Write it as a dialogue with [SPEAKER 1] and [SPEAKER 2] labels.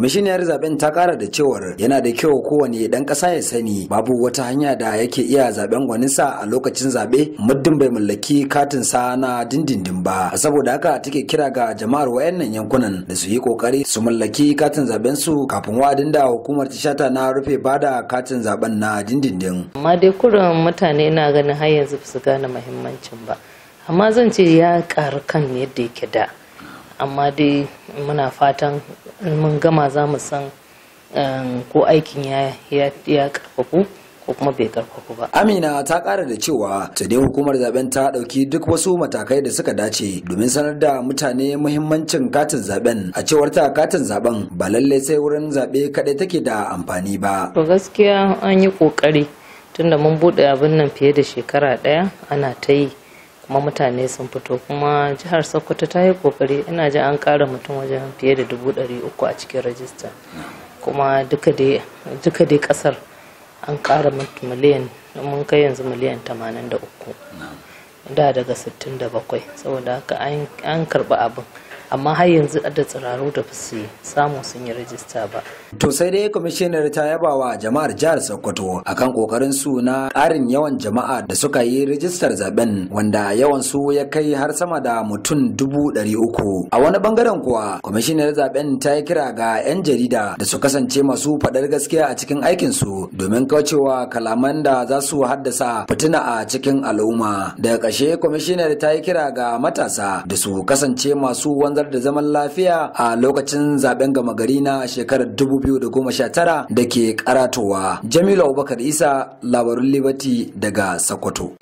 [SPEAKER 1] kwamishiniyar zaben ta kara da cewar yana da kyau kowane dan kasa ya sani babu wata hanya da yake iya zaben gwaninsa a lokacin zabe muddin bai mallaki katin sa na dindindin ba saboda haka take kira ga jama'ar wayannan yankunan da su yi kokari su mallaki katin zaben su kafin wa'adin da hukumar tishata na rufe bada katin zaben na dindindin
[SPEAKER 2] amma dai kuran mutane na ganin har yanzu su gane muhimmancin ba amma zan ce ya karu kan yadda yake da amma dai muna fatan mun gama za mu san um, ko aikin ya karfafu ko kuma
[SPEAKER 1] bai karfafu ba. Amina ta kara da cewa ta dai hukumar zaben ta dauki duk wasu matakai da suka dace domin sanar da mutane muhimmancin katin zaben a cewar ta katin zaben ba lalle sai wurin zabe kadai take da amfani ba.
[SPEAKER 2] To gaskiya an yi kokari tunda mun bude abin nan fiye da shekara daya ana ta yi kuma mutane sun fito kuma jihar sokoto ta yi kokari ina ji an kara mutum wajen fiye da dubu ɗari uku a cikin rajista kuma duka dai kasar an kara mutum miliyan mun kai yanzu miliyan tamanin da uku da daga sittin da bakwai saboda haka an karɓi abin amma har yanzu da tsiraru da su samu sun yi rajista ba.
[SPEAKER 1] To sai dai kwamishinar ta yaba wa jama'ar jihar Sokoto akan kokarin su na ƙarin yawan jama'a da suka yi rajistar zaben wanda yawan su ya kai har sama da mutum dubu ɗari uku. A wani bangaren kuwa kwamishinar zaben ta yi kira ga 'yan jarida da su kasance masu faɗar gaskiya a cikin aikin su domin kaucewa kalaman da za su haddasa fitina a cikin al'umma. Daga ƙarshe kwamishinar ta yi kira ga matasa da su kasance masu wanzar wanzar da zaman lafiya a lokacin zaben gama gari na shekarar 2019 da ke karatowa. Jamilu Abubakar Isa labarun Liberty daga Sokoto.